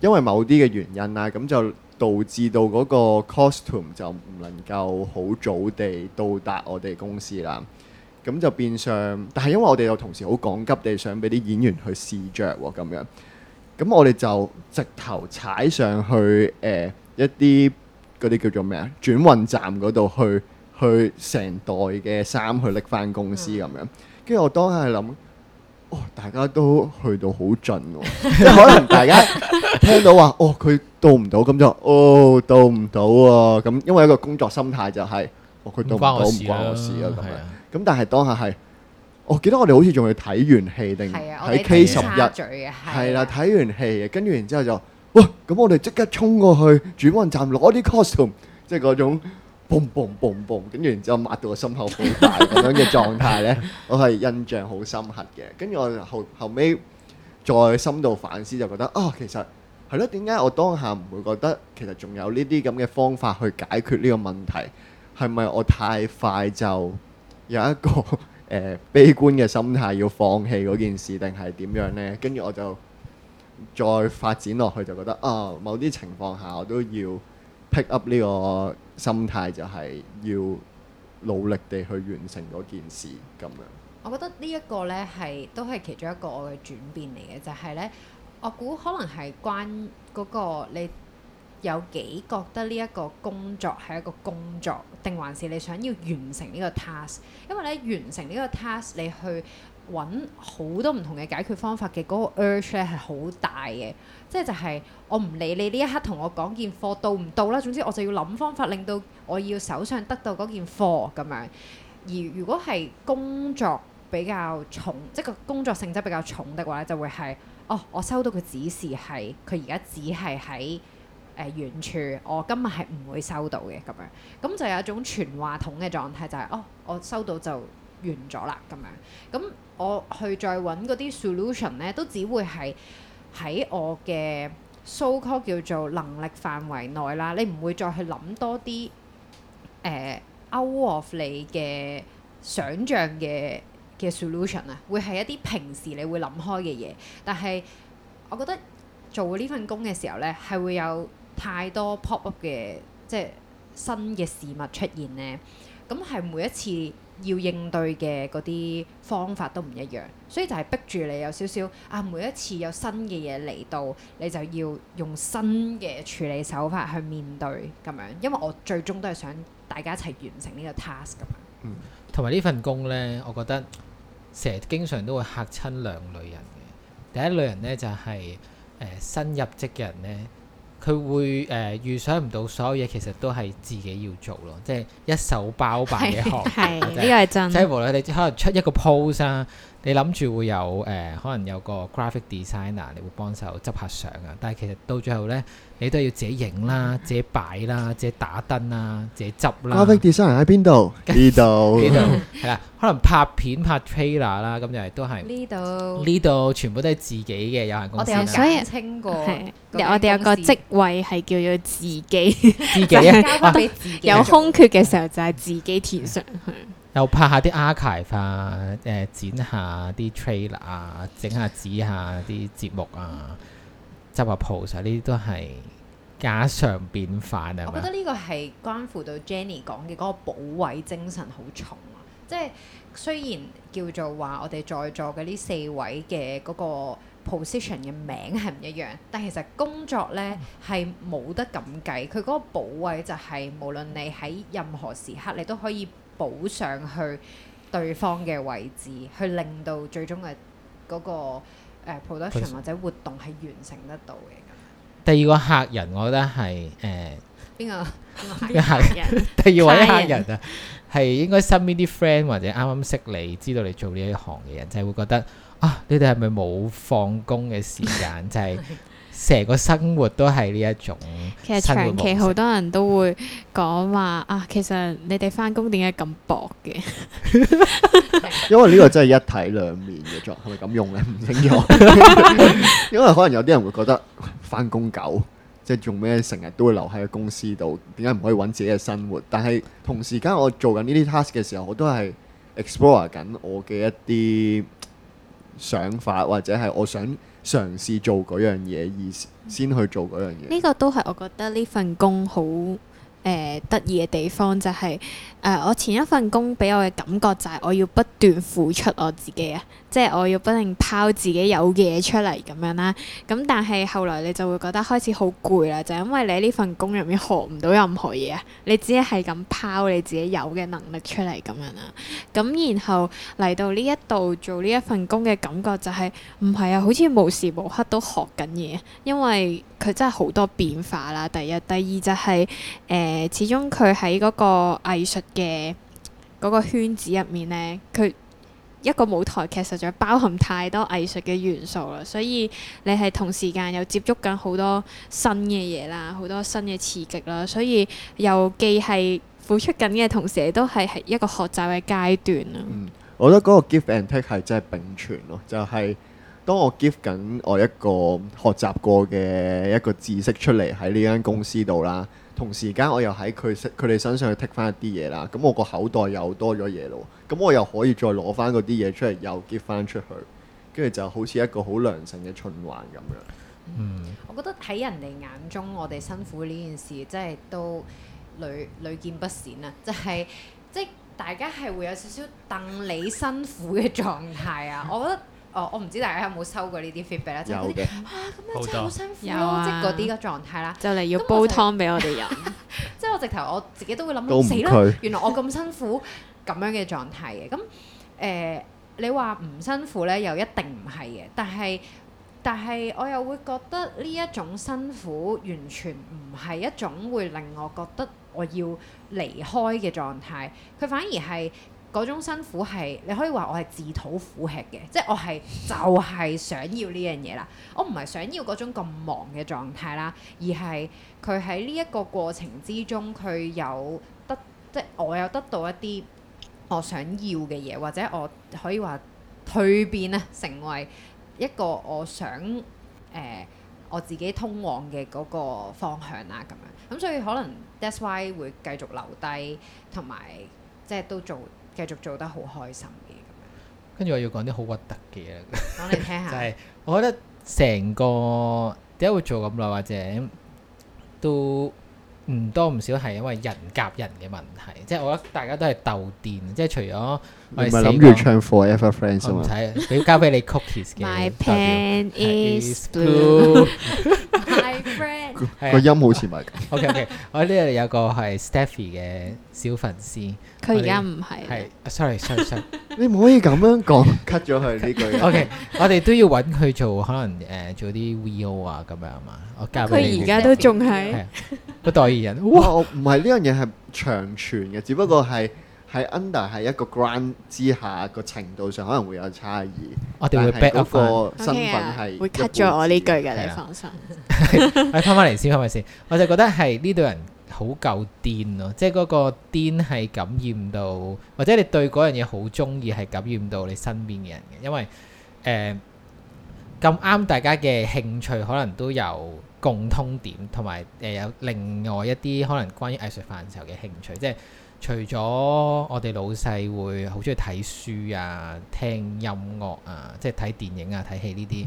因為某啲嘅原因啦，咁就導致到嗰個 costume 就唔能夠好早地到達我哋公司啦。咁就變相，但係因為我哋又同時好趕急，地想俾啲演員去試著喎，咁樣。咁我哋就直頭踩上去，誒一啲嗰啲叫做咩啊？轉運站嗰度去去成袋嘅衫去拎翻公司咁樣。跟住我當下係諗，哦，大家都去到好盡喎，可能大家聽到話，哦，佢到唔到？咁就哦，到唔到啊。咁因為一個工作心態就係，哦，佢到唔到唔關我事啊，咁樣。咁但係當下係，我記得我哋好似仲要睇完戲定喺 K 十一嘅係啦，睇完戲嘅，跟住然之後就哇，咁我哋即刻衝過去轉運站攞啲 costume，即係嗰種 boom boom boom boom，跟住然之後抹到個心口好大咁樣嘅狀態咧，我係印象好深刻嘅。跟住我後後尾再深度反思，就覺得啊，其實係咯，點解我當下唔會覺得，其實仲有呢啲咁嘅方法去解決呢個問題？係咪我太快就？有一個誒、呃、悲觀嘅心態，要放棄嗰件事，定係點樣呢？跟住我就再發展落去，就覺得啊、哦，某啲情況下我都要 pick up 呢個心態，就係、是、要努力地去完成嗰件事咁樣。我覺得呢一個呢，係都係其中一個我嘅轉變嚟嘅，就係、是、呢，我估可能係關嗰、那個你。有幾覺得呢一個工作係一個工作，定還是你想要完成呢個 task？因為咧，完成呢個 task，你去揾好多唔同嘅解決方法嘅嗰個 urge 咧係好大嘅，即係就係我唔理你呢一刻同我講件貨到唔到啦，總之我就要諗方法令到我要手上得到嗰件貨咁樣。而如果係工作比較重，即係個工作性質比較重的話咧，就會係哦，我收到嘅指示係佢而家只係喺。誒遠處，我今日係唔會收到嘅咁樣，咁就有一種傳話筒嘅狀態，就係、是、哦，我收到就完咗啦咁樣。咁我去再揾嗰啲 solution 呢，都只會係喺我嘅 so called 叫做能力範圍內啦。你唔會再去諗多啲誒、呃、out of 你嘅想像嘅嘅 solution 啊，會係一啲平時你會諗開嘅嘢。但係我覺得做呢份工嘅時候呢，係會有太多 pop up 嘅即係新嘅事物出現咧，咁係每一次要應對嘅嗰啲方法都唔一樣，所以就係逼住你有少少啊。每一次有新嘅嘢嚟到，你就要用新嘅處理手法去面對，咁樣，因為我最終都係想大家一齊完成呢個 task 咁。嗯，同埋呢份工咧，我覺得成日經常都會嚇親兩類人嘅。第一類人咧，就係誒新入職嘅人咧。佢會誒、呃、預想唔到所有嘢，其實都係自己要做咯，即係一手包辦嘅行，呢個係真。即係無論你可能出一個 pose 啊。你諗住會有誒、呃，可能有個 graphic designer，你會幫手執下相啊。但係其實到最後咧，你都要自己影啦，自己擺啦，自己打燈啦，自己執啦。Graphic designer 喺邊度？呢度呢度係啊， <laughs> 嗯 <laughs> 嗯、 <laughs> 可能拍片拍 trailer 啦、就係，咁就係都係呢度呢度，嗯、全部都係自己嘅有限公，公司。嗯、 <laughs> 我哋係所以稱過，我哋有個職位係叫做自己， <laughs> 自己自、啊、己。有空缺嘅時候就係自己填上去。 <laughs> 又拍下啲 archive 啊，誒、呃、剪下啲 trailer 啊，整下紙，下啲節目啊，執 <laughs> 下 pose，呢啲都係家常便飯啊。我覺得呢個係關乎到 Jenny 講嘅嗰個保衞精神好重啊。即係雖然叫做話我哋在座嘅呢四位嘅嗰個 position 嘅名係唔一樣，但其實工作呢係冇 <laughs> 得咁計。佢嗰個保衞就係無論你喺任何時刻，你都可以。補上去對方嘅位置，去令到最終嘅嗰個 production 或者活動係完成得到嘅。 <music> 第二個客人，我覺得係誒邊個客人？第二位客人啊，係應該身邊啲 friend 或者啱啱識你，知道你做呢一行嘅人，就係、是、會覺得啊，你哋係咪冇放工嘅時間？ <laughs> 就係、是。成個生活都係呢一種、嗯，其實長期好多人都會講話啊，其實你哋返工點解咁薄嘅？ <laughs> <laughs> 因為呢個真係一體兩面嘅作用，係咪咁用咧？唔清楚，因為可能有啲人會覺得返工狗，即係做咩成日都會留喺個公司度，點解唔可以揾自己嘅生活？但係同時間我做緊呢啲 task 嘅時候，我都係 explore 緊我嘅一啲想法，或者係我想。嘗試做嗰樣嘢而先去做嗰樣嘢。呢、嗯呢個都係我覺得呢份工好誒得意嘅地方，就係、是、誒、呃、我前一份工俾我嘅感覺就係我要不斷付出我自己啊！即係我要不停拋自己有嘅嘢出嚟咁樣啦，咁但係後來你就會覺得開始好攰啦，就因為你喺呢份工入面學唔到任何嘢，你只係係咁拋你自己有嘅能力出嚟咁樣啦。咁然後嚟到呢一度做呢一份工嘅感覺就係唔係啊？好似無時無刻都學緊嘢，因為佢真係好多變化啦。第一、第二就係、是、誒、呃，始終佢喺嗰個藝術嘅嗰個圈子入面咧，佢。一個舞台劇實在包含太多藝術嘅元素啦，所以你係同時間又接觸緊好多新嘅嘢啦，好多新嘅刺激啦，所以又既係付出緊嘅同時，都係係一個學習嘅階段啦。嗯，我覺得嗰個 give and take 係真係並存咯，就係、是、當我 give 緊我一個學習過嘅一個知識出嚟喺呢間公司度啦。同時間我又喺佢佢哋身上去剔 a 翻一啲嘢啦，咁我個口袋又多咗嘢咯，咁我又可以再攞翻嗰啲嘢出嚟又 g i 翻出去，跟住就好似一個好良性嘅循環咁樣、嗯。我覺得喺人哋眼中，我哋辛苦呢件事真係都屢屢見不鮮啊，就係、是、即大家係會有少少戥你辛苦嘅狀態啊，嗯、我覺得。哦，我唔知大家有冇收過呢啲 feedback 啦，即係嗰啲哇咁樣真係好辛苦咯，即係嗰啲嘅狀態啦，就嚟、啊、要煲湯俾我哋飲， <laughs> <laughs> 即係我直頭我自己都會諗到死啦，不了原來我咁辛苦咁 <laughs> 樣嘅狀態嘅，咁誒、呃、你話唔辛苦咧又一定唔係嘅，但係但係我又會覺得呢一種辛苦完全唔係一種會令我覺得我要離開嘅狀態，佢反而係。嗰種辛苦係你可以話我係自討苦吃嘅，即係我係就係、是、想要呢樣嘢啦。我唔係想要嗰種咁忙嘅狀態啦，而係佢喺呢一個過程之中，佢有得即係我有得到一啲我想要嘅嘢，或者我可以話蛻變啦，成為一個我想誒、呃、我自己通往嘅嗰個方向啦，咁樣咁所以可能 That's why 會繼續留低同埋即係都做。繼續做得好開心嘅咁樣，跟住我要講啲好核突嘅嘢，講嚟聽下。 <laughs> 就係我覺得成個點解會做咁耐，或者都，唔多唔少係因為人夾人嘅問題，即係我覺得大家都係鬥電，即係除咗我係諗住唱 Forever Friends 啊嘛，你要交俾你 cookies 嘅。My pen is blue，my friend。個音好似唔係咁。OK OK，我喺呢度有個係 Stephy 嘅小粉絲，佢而家唔係。係，sorry sorry sorry，你唔可以咁樣講，cut 咗佢呢句。OK，我哋都要揾佢做可能誒做啲 VO 啊咁樣啊嘛，我交俾你。佢而家都仲係。個代言人。哇！唔係呢樣嘢係長存嘅，只不過係喺 under 係一個 ground 之下個程度上可能會有差異。我哋會 back up 個身份係會 cut 咗我呢句嘅，對 你放心。你拋翻嚟先，係咪先？我就覺得係呢對人好夠癲咯、啊，即係嗰個癲係感染到，或者你對嗰樣嘢好中意係感染到你身邊嘅人嘅，因為誒咁啱大家嘅興趣可能都有。共通點同埋誒有另外一啲可能關於藝術範疇嘅興趣，即係除咗我哋老細會好中意睇書啊、聽音樂啊、即係睇電影啊、睇戲呢啲，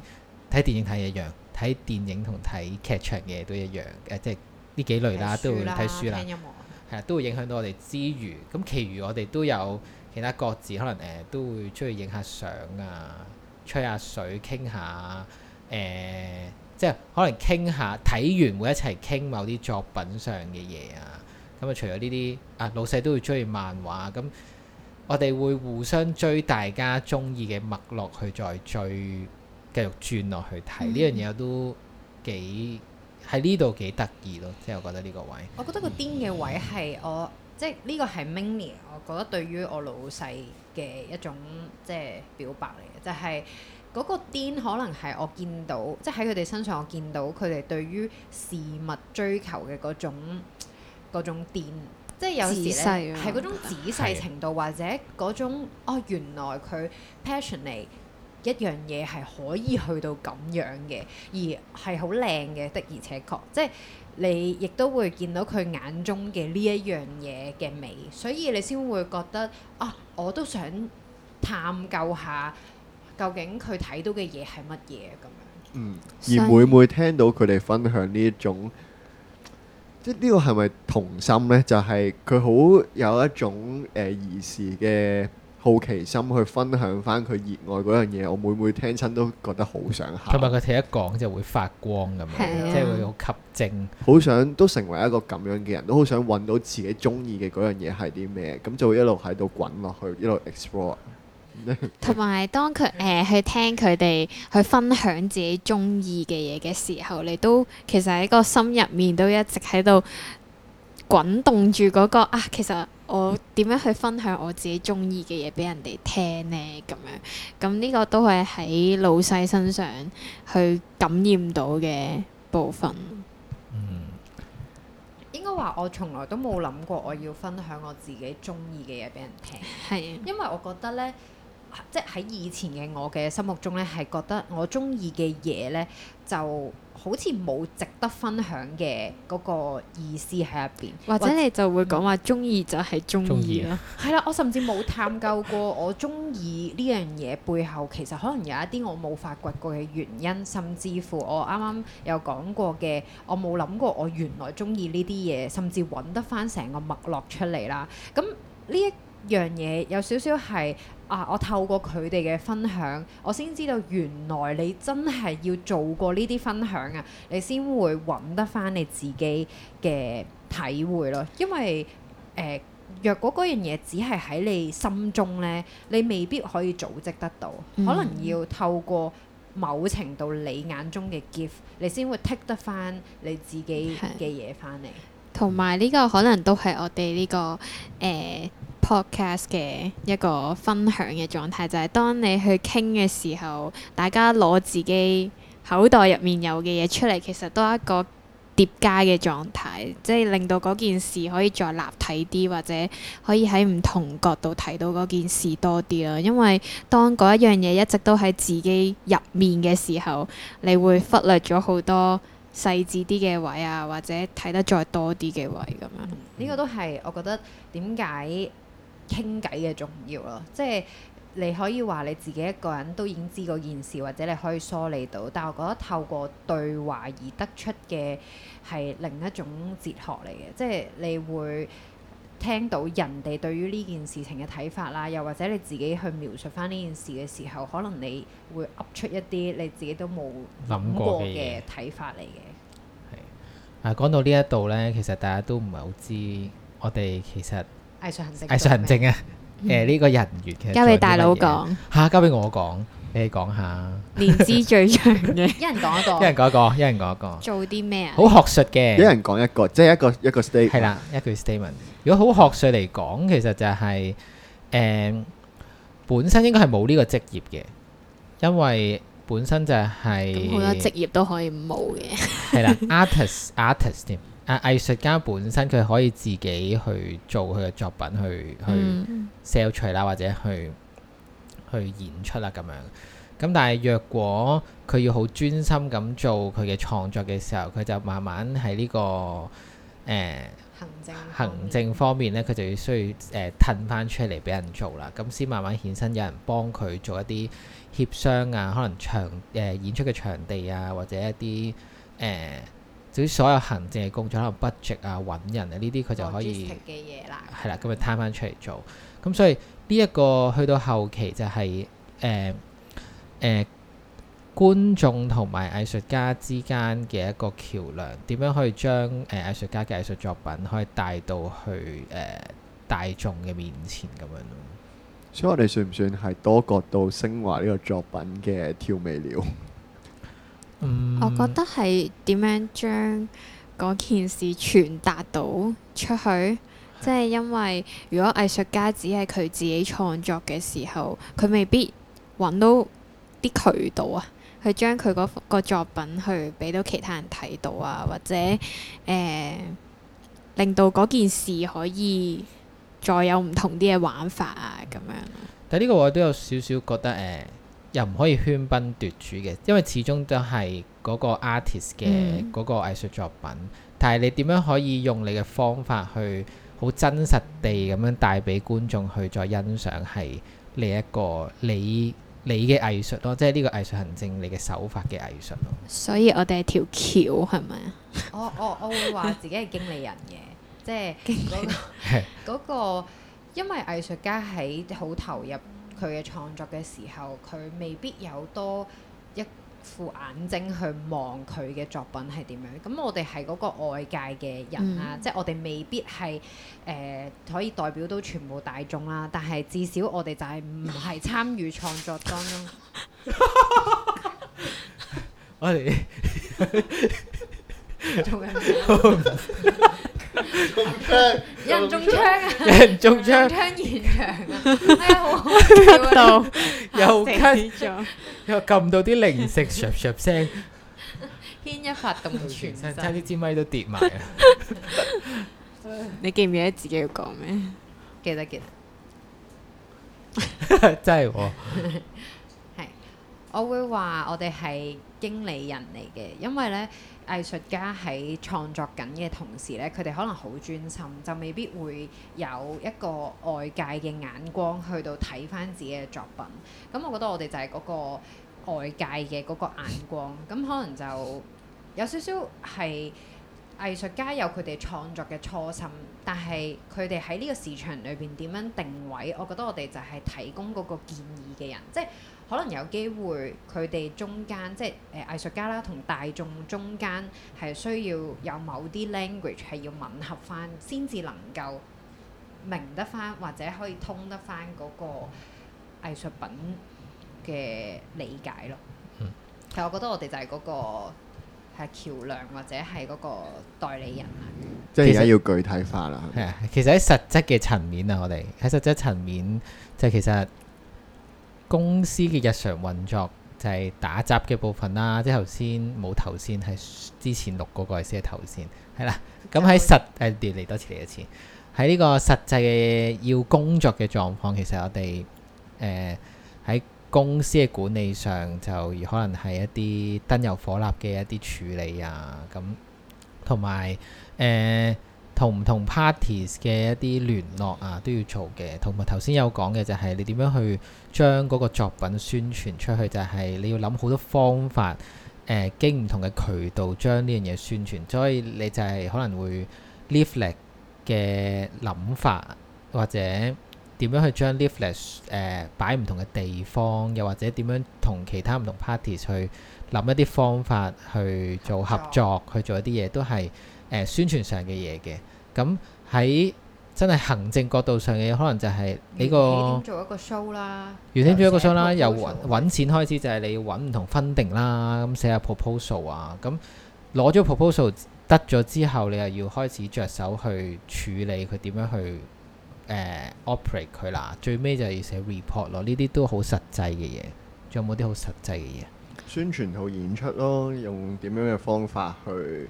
睇電影睇一樣，睇電影同睇劇場嘅都一樣誒、呃，即係呢幾類啦、啊，都會睇書啦，書啦聽音樂係啦、啊，都會影響到我哋之餘，咁其餘我哋都有其他各自可能誒、呃、都會中意影下相啊、吹下水、傾下誒。呃。即係可能傾下，睇完會一齊傾某啲作品上嘅嘢啊。咁啊，除咗呢啲啊，老細都會追漫畫。咁我哋會互相追大家中意嘅脈絡去再追，繼續轉落去睇呢、嗯、樣嘢我都幾喺呢度幾得意咯。即係我覺得呢個位，我覺得個癲嘅位係我、嗯、即係呢個係 mini。我覺得對於我老細嘅一種即係表白嚟嘅，就係、是。嗰個癲可能係我見到，即係喺佢哋身上我見到佢哋對於事物追求嘅嗰種嗰種癲，即係有時咧係嗰種仔細程度，的或者嗰種哦原來佢 passion 嚟一樣嘢係可以去到咁樣嘅，而係好靚嘅，的而且確，即係你亦都會見到佢眼中嘅呢一樣嘢嘅美，所以你先會覺得啊、哦，我都想探究下。究竟佢睇到嘅嘢係乜嘢咁，而每每會聽到佢哋分享呢一種，即係呢個係咪童心呢？就係佢好有一種誒兒、呃、時嘅好奇心去分享返佢熱愛嗰樣嘢。我每每，每聽親都覺得好想喊，同埋佢聽一講就會發光咁樣，即係是、啊、會好吸睛，好 <laughs> 想都成為一個咁樣嘅人，都好想揾到自己中意嘅嗰樣嘢係啲咩？咁就會一路喺度滾落去，一路 explore。同埋，當佢誒、呃、去聽佢哋去分享自己中意嘅嘢嘅時候，你都其實喺個心入面都一直喺度滾動住嗰、嗰個啊。其實我點樣去分享我自己中意嘅嘢俾人哋聽呢？咁樣咁呢個都係喺老細身上去感染到嘅部分。嗯，應該話我從來都冇諗過我要分享我自己中意嘅嘢俾人聽。係，是的 因為我覺得呢。即係喺以前嘅我嘅心目中咧，係覺得我中意嘅嘢咧，就好似冇值得分享嘅嗰個意思喺入邊，或者你就會講話中意就係中意啦，係歡、啊、 <laughs> 啦，我甚至冇探究過我中意呢樣嘢背後其實可能有一啲我冇發掘過嘅原因，甚至乎我啱啱有講過嘅，我冇諗過我原來中意呢啲嘢，甚至揾得翻成個脈絡出嚟啦。咁呢一樣嘢有少少係。啊！我透過佢哋嘅分享，我先知道原來你真係要做過呢啲分享啊，你先會揾得翻你自己嘅體會咯。因為、呃、若果嗰樣嘢只係喺你心中呢，你未必可以組織得到，可能要透過某程度你眼中嘅 give，你先會 take 得翻你自己嘅嘢翻嚟。同埋呢個可能都係我哋呢個誒。呃 Podcast 嘅一個分享嘅狀態，就係、是、當你去傾嘅時候，大家攞自己口袋入面有嘅嘢出嚟，其實都係一個疊加嘅狀態，即係令到嗰件事可以再立體啲，或者可以喺唔同角度睇到嗰件事多啲囉。因為當嗰一樣嘢一直都喺自己入面嘅時候，你會忽略咗好多細緻啲嘅位啊，或者睇得再多啲嘅位咁樣。呢、嗯、個都係我覺得點解，傾偈嘅重要咯，即係你可以話你自己一個人都已經知嗰件事，或者你可以梳理到。但係我覺得透過對話而得出嘅係另一種哲學嚟嘅，即係你會聽到人哋對於呢件事情嘅睇法啦，又或者你自己去描述翻呢件事嘅時候，可能你會噏出一啲你自己都冇諗過嘅睇法嚟嘅。係、啊、講到呢一度呢，其實大家都唔係好知，我哋其實。藝術行政，藝術行政啊！誒，呢個人員嘅交俾大佬講吓，交俾我講，你講下年資最長嘅，一人講一個，一人講一個，一人講一個，做啲咩啊？好學術嘅，一人講一個，即係一個一個 statement，係啦，一句 statement。如果好學術嚟講，其實就係誒，本身應該係冇呢個職業嘅，因為本身就係咁，好多職業都可以冇嘅。係啦，artist，artist。啊！藝術家本身佢可以自己去做佢嘅作品，去、嗯、去 sell 出啦，或者去去演出啦咁樣。咁但係若果佢要好專心咁做佢嘅創作嘅時候，佢就慢慢喺呢、這個誒、呃、行政方面呢，佢就要需要誒褪返出嚟俾人做啦。咁先慢慢衍生，有人幫佢做一啲協商啊，可能場誒、呃、演出嘅場地啊，或者一啲誒。呃啲所有行政嘅工作，可能 budget 啊、揾人啊呢啲，佢就可以 Logistic 嘅嘢啦，係啦，咁咪攤翻出嚟做。咁所以呢一個去到後期就係誒誒觀眾同埋藝術家之間嘅一個橋樑，點樣可以將誒、呃、藝術家嘅藝術作品可以帶到去誒、呃、大眾嘅面前咁樣咯。所以我哋算唔算係多角度升華呢個作品嘅調味料？ <laughs> 嗯、我覺得係點樣將嗰件事傳達到出去，即係因為如果藝術家只係佢自己創作嘅時候，佢未必揾到啲渠道啊，去將佢嗰幅個作品去俾到其他人睇到啊，或者誒、呃、令到嗰件事可以再有唔同啲嘅玩法啊，咁樣。但呢個我都有少少覺得誒。呃又唔可以喧兵奪主嘅，因為始終都係嗰個 artist 嘅嗰個藝術作品。嗯、但係你點樣可以用你嘅方法去好真實地咁樣帶俾觀眾去再欣賞，係你一個你你嘅藝術咯，即係呢個藝術行政你嘅手法嘅藝術咯。所以我哋係條橋係咪？我我我會話自己係經理人嘅， <laughs> 即係、那、嗰個因為藝術家喺好投入。佢嘅創作嘅時候，佢未必有多一副眼睛去望佢嘅作品係點樣。咁我哋係嗰個外界嘅人啊，嗯、即係我哋未必係誒、呃、可以代表到全部大眾啦、啊。但係至少我哋就係唔係參與創作當中。我哋。中人中槍，有人中槍啊！有人中槍，槍延長啊！哎呀，好開到，又跟住又撳到啲零食，唰唰聲，牽一髮動全身，差啲支咪都跌埋。你記唔記得自己要講咩？記得記得，真係喎。我會話我哋係經理人嚟嘅，因為咧藝術家喺創作緊嘅同時咧，佢哋可能好專心，就未必會有一個外界嘅眼光去到睇返自己嘅作品。咁我覺得我哋就係嗰個外界嘅嗰個眼光，咁可能就有少少係藝術家有佢哋創作嘅初心，但係佢哋喺呢個市場裏邊點樣定位，我覺得我哋就係提供嗰個建議嘅人，即係。可能有機會佢哋中間，即係誒、呃、藝術家啦，同大眾中間係需要有某啲 language 係要吻合翻，先至能夠明得翻，或者可以通得翻嗰個藝術品嘅理解咯。其實、嗯、我覺得我哋就係嗰、嗰個係橋樑，或者係嗰個代理人。即係而家要具體化啦。係啊，其實喺實質嘅層面啊，我哋喺實質層面就係、其實。公司嘅日常運作就係打雜嘅部分啦，即係頭先冇，頭先係之前錄嗰個先係頭先。係啦。咁喺實誒，嚟多次嚟一次，喺呢個實際嘅要工作嘅狀況，其實我哋誒喺公司嘅管理上，就可能係一啲燈油火蠟嘅一啲處理啊，咁同埋誒。同唔同 parties 嘅一啲聯絡啊，都要做嘅。同埋頭先有講嘅就係你點樣去將嗰個作品宣傳出去，就係、是、你要諗好多方法，誒、呃、經唔同嘅渠道將呢樣嘢宣傳。所以你就係可能會 leaflet 嘅諗法，或者點樣去將 leaflet 誒擺唔同嘅地方，又或者點樣同其他唔同 parties 去諗一啲方法去做合作，合作去做一啲嘢都係。呃、宣傳上嘅嘢嘅，咁、嗯、喺真係行政角度上嘅，可能就係你個做一個 show 啦，做一個 show 啦，由揾錢開始就係你要揾唔同分定啦，咁寫下 proposal 啊，咁、嗯、攞咗 proposal 得咗之後，你又要開始着手去處理佢點樣去誒、uh, operate 佢啦，最尾就要寫 report 咯，呢啲都好實際嘅嘢。仲有冇啲好實際嘅嘢？宣傳同演出咯，用點樣嘅方法去？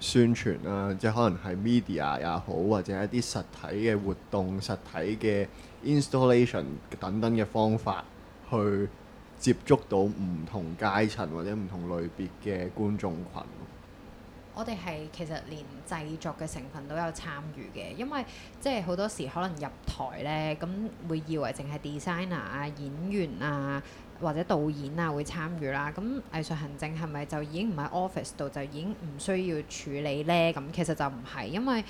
宣傳啊，即係可能係 media 也好，或者一啲實體嘅活動、實體嘅 installation 等等嘅方法，去接觸到唔同階層或者唔同類別嘅觀眾群。我哋係其實連製作嘅成分都有參與嘅，因為即係好多時可能入台呢，咁會以為淨係 designer 啊、演員啊。或者導演啊會參與啦、啊，咁、嗯、藝術行政係咪就已經唔喺 office 度就已經唔需要處理呢？咁、嗯、其實就唔係，因為，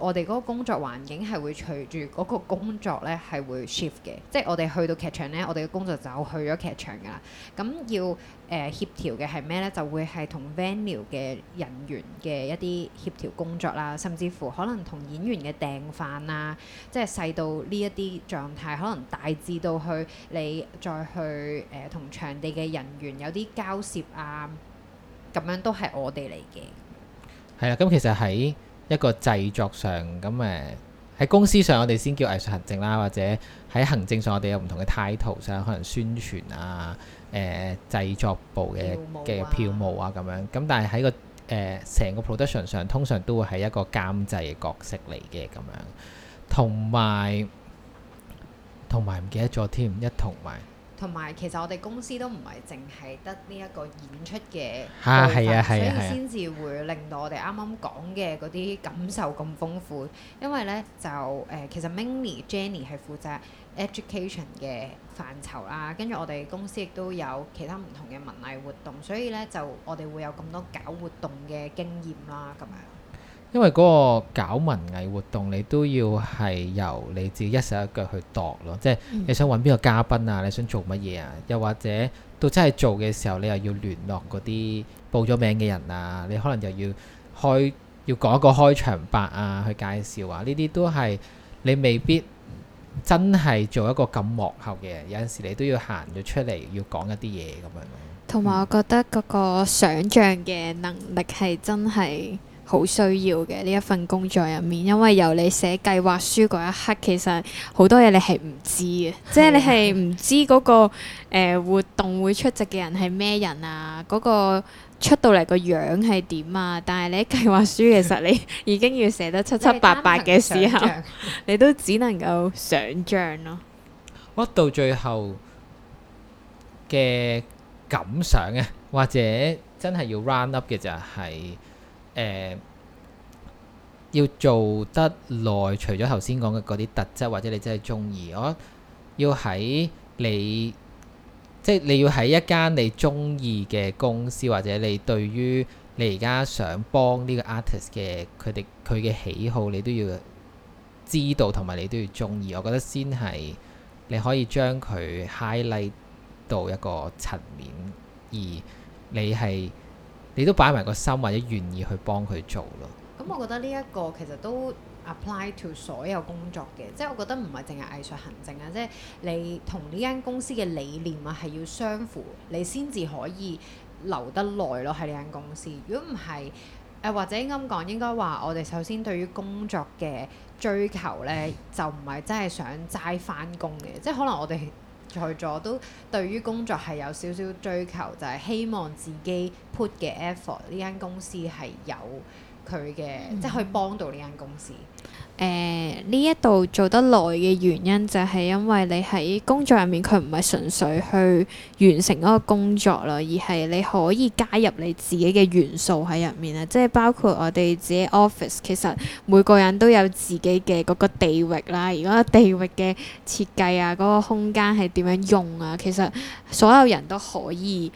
我哋嗰個工作環境係會隨住嗰個工作咧係會 shift 嘅，即係我哋去到劇場咧，我哋嘅工作就去咗劇場噶啦。咁要誒、呃、協調嘅係咩咧？就會係同 venue 嘅人員嘅一啲協調工作啦，甚至乎可能同演員嘅訂飯啊，即係細到呢一啲狀態，可能大至到去你再去誒同、呃、場地嘅人員有啲交涉啊，咁樣都係我哋嚟嘅。係啊，咁其實喺一個製作上，咁，誒，喺公司上我哋先叫藝術行政啦，或者喺行政上我哋有唔同嘅 title 上，可能宣傳啊、誒、呃、製作部嘅嘅票務啊咁樣。咁但係喺個誒成、呃、個 production 上，通常都會係一個監製嘅角色嚟嘅咁樣。同埋同埋唔記得咗添，一同埋。同埋，其實我哋公司都唔係淨係得呢一個演出嘅，係啊係啊係，所以先至會令到我哋啱啱講嘅嗰啲感受咁豐富。因為咧就誒、呃，其實 Minnie、Jenny 係負責 education 嘅範疇啦，跟住我哋公司亦都有其他唔同嘅文藝活動，所以咧就我哋會有咁多搞活動嘅經驗啦，咁樣。因為嗰個搞文藝活動，你都要係由你自己一手一腳去度咯。即係你想揾邊個嘉賓啊，你想做乜嘢啊？又或者到真係做嘅時候，你又要聯絡嗰啲報咗名嘅人啊。你可能又要開要講一個開場白啊，去介紹啊。呢啲都係你未必真係做一個咁幕後嘅人。有陣時你都要行咗出嚟，要講一啲嘢咁樣咯。同埋我覺得嗰個想像嘅能力係真係好需要嘅呢一份工作入面，因為由你寫計劃書嗰一刻，其實好多嘢你係唔知嘅，嗯、即係你係唔知嗰、那個誒、呃、活動會出席嘅人係咩人啊，嗰、那個出到嚟個樣係點啊。但係你計劃書其實你已經要寫得七七八八嘅時候，你， <laughs> 你都只能夠想象。咯屈，到最後嘅感想啊，或者真係要 round up 嘅就係、是。誒、呃、要做得耐，除咗頭先講嘅嗰啲特質，或者你真係中意，我要喺你即係你要喺一間你中意嘅公司，或者你對於你而家想幫呢個 artist 嘅佢哋佢嘅喜好，你都要知道，同埋你都要中意。我覺得先係你可以將佢 highlight 到一個層面，而你係。你都擺埋個心或者願意去幫佢做咯。咁、嗯、我覺得呢一個其實都 apply to 所有工作嘅，即係我覺得唔係淨係藝術行政啊，即係你同呢間公司嘅理念啊係要相符，你先至可以留得耐咯喺呢間公司。如果唔係誒，或者啱講應該話我哋首先對於工作嘅追求呢，就唔係真係想齋返工嘅，即係可能我哋。去咗都對於工作係有少少追求，就係希望自己 put 嘅 effort 呢間公司係有佢嘅，嗯哼即係去幫到呢間公司。誒呢一度做得耐嘅原因就係因為你喺工作入面佢唔係純粹去完成嗰個工作啦，而係你可以加入你自己嘅元素喺入面啊！即係包括我哋自己 office，其實每個人都有自己嘅嗰個地域啦，如果個地域嘅設計啊，嗰個空間係點樣用啊？其實所有人都可以。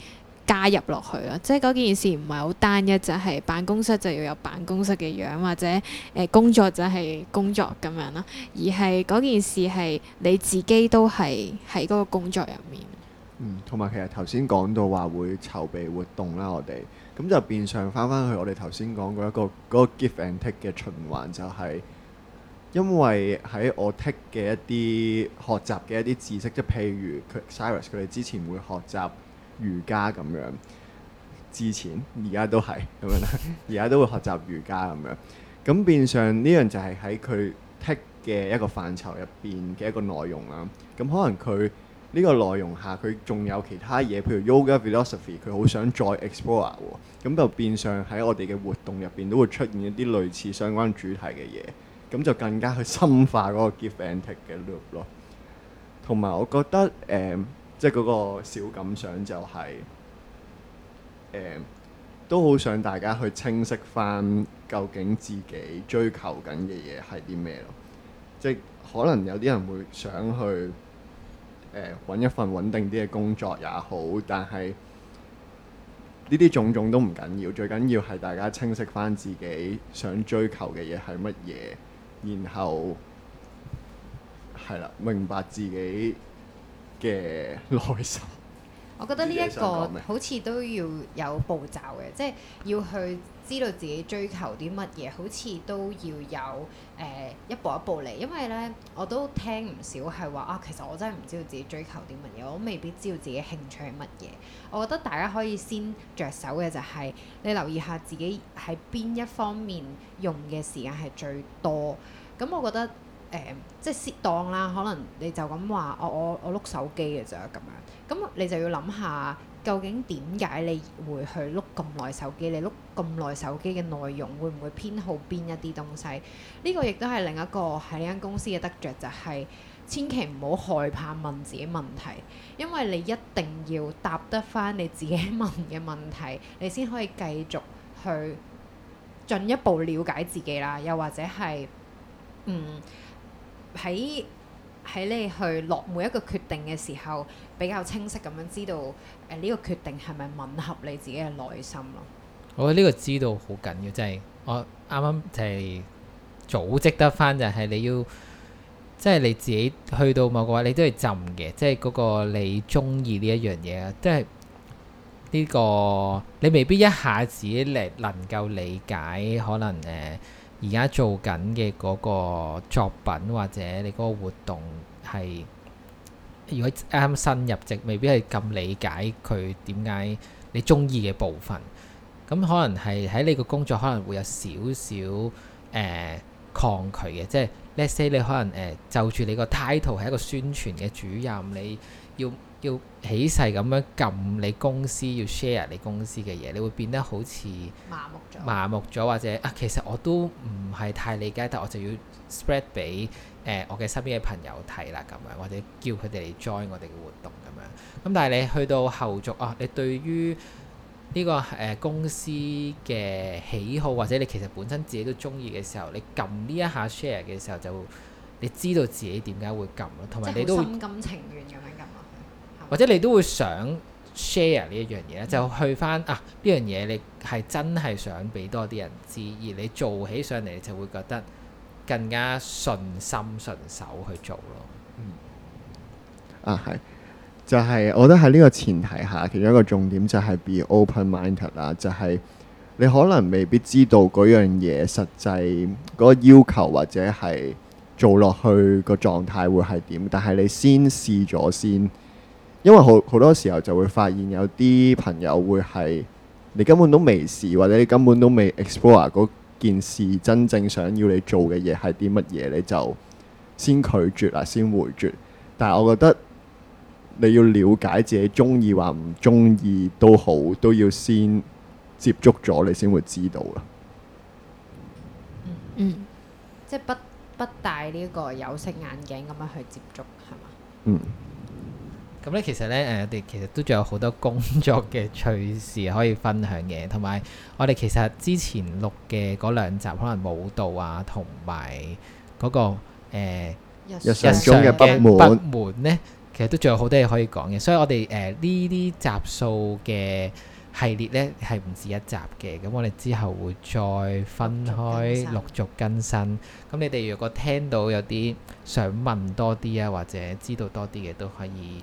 加入落去咯，即係嗰件事唔係好單一，就係、是、辦公室就要有辦公室嘅樣，或者誒、呃、工作就係工作咁樣啦，而係嗰件事係你自己都係喺嗰個工作入面。嗯，同埋其實頭先講到話會籌備活動啦，我哋咁就變相翻返去我哋頭先講過一個嗰、那個 give and take 嘅循環，就係因為喺我 take 嘅一啲學習嘅一啲知識，即係譬如佢 Cyrus 佢哋之前會學習。瑜伽咁樣，之前而家都係咁樣啦，而家都會學習瑜伽咁樣。咁變相呢樣就係喺佢 take 嘅一個範疇入邊嘅一個內容啦。咁可能佢呢個內容下佢仲有其他嘢，譬如 yoga philosophy，佢好想再 explore 喎、喔。咁就變相喺我哋嘅活動入邊都會出現一啲類似相關主題嘅嘢。咁就更加去深化嗰個 give and take 嘅 loop 咯。同埋我覺得誒，嗯即係嗰個小感想就係誒，都好想大家去清晰翻究竟自己追求緊嘅嘢係啲咩咯。即可能有啲人會想去誒揾一份穩定啲嘅工作也好，但係呢啲種種都唔緊要，最緊要係大家清晰翻自己想追求嘅嘢係乜嘢，然後係啦，明白自己嘅內心， <laughs> 我覺得呢一個好似都要有步驟嘅，即係要去知道自己追求啲乜嘢，好似都要有誒、呃、一步一步嚟。因為呢我都聽唔少係話啊，其實我真係唔知道自己追求啲乜嘢，我未必知道自己興趣係乜嘢。我覺得大家可以先着手嘅就係、是、你留意下自己喺邊一方面用嘅時間係最多。咁我覺得。誒、嗯，即係適當啦。可能你就咁話、哦，我我我碌手機嘅咋，咁樣。咁你就要諗下，究竟點解你會去碌咁耐手機？你碌咁耐手機嘅內容，會唔會偏好邊一啲東西？呢、這個亦都係另一個喺呢間公司嘅得着，就係、是、千祈唔好害怕問自己問題，因為你一定要答得返你自己問嘅問題，你先可以繼續去進一步了解自己啦。又或者係嗯。喺喺你去落每一個決定嘅時候，比較清晰咁樣知道誒呢、呃這個決定係咪吻合你自己嘅內心咯、啊？我覺得呢個知道好緊要，即係我啱啱就係組織得返，就係、是、你要即係你自己去到某個位，你都係浸嘅，即係嗰個你鍾意呢一樣嘢，即係呢個你未必一下子嚟能夠理解，可能誒。呃而家做緊嘅嗰個作品或者你嗰個活動係，如果啱新入職，未必係咁理解佢點解你中意嘅部分，咁、嗯、可能係喺你個工作可能會有少少誒抗拒嘅，即係 Let's say 你可能誒、呃、就住你個 title 係一個宣傳嘅主任，你要。要起勢咁樣撳你公司要 share 你公司嘅嘢，你會變得好似麻木咗，麻木咗或者啊，其實我都唔係太理解，但我就要 spread 俾誒、呃、我嘅身邊嘅朋友睇啦，咁樣或者叫佢哋嚟 join 我哋嘅活動咁樣，咁但係你去到後續啊，你對於呢、這個誒、呃、公司嘅喜好或者你其實本身自己都中意嘅時候，你撳呢一下 share 嘅時候就你知道自己點解會撳咯，同埋你都心甘情願咁樣或者你都會想 share 呢一樣嘢，就去返啊呢樣嘢，你係真係想俾多啲人知，而你做起上嚟，你就會覺得更加順心順手去做咯。嗯、啊係，就係、是，我覺得喺呢個前提下，其中一個重點就係 be open-minded 啦，就係、是、你可能未必知道嗰樣嘢實際嗰個要求或者係做落去個狀態會係點，但係你先試咗先。因為好好多時候就會發現有啲朋友會係你根本都未試，或者你根本都未 explore 嗰件事，真正想要你做嘅嘢係啲乜嘢，你就先拒絕啦，先回絕。但係我覺得你要了解自己中意或唔中意都好，都要先接觸咗，你先會知道啦。嗯。嗯，即係不不戴呢個有色眼鏡咁樣去接觸，係嘛？嗯。咁咧、呃，其實咧，誒，我哋其實都仲有好多工作嘅趣事可以分享嘅，同埋我哋其實之前錄嘅嗰兩集，可能舞蹈啊，同埋嗰個誒、呃、日常嘅不滿咧，其實都仲有好多嘢可以講嘅。所以我哋誒呢啲集數嘅系列咧，係唔止一集嘅。咁我哋之後會再分開陸續更新。咁更新，你哋如果聽到有啲想問多啲啊，或者知道多啲嘅，都可以。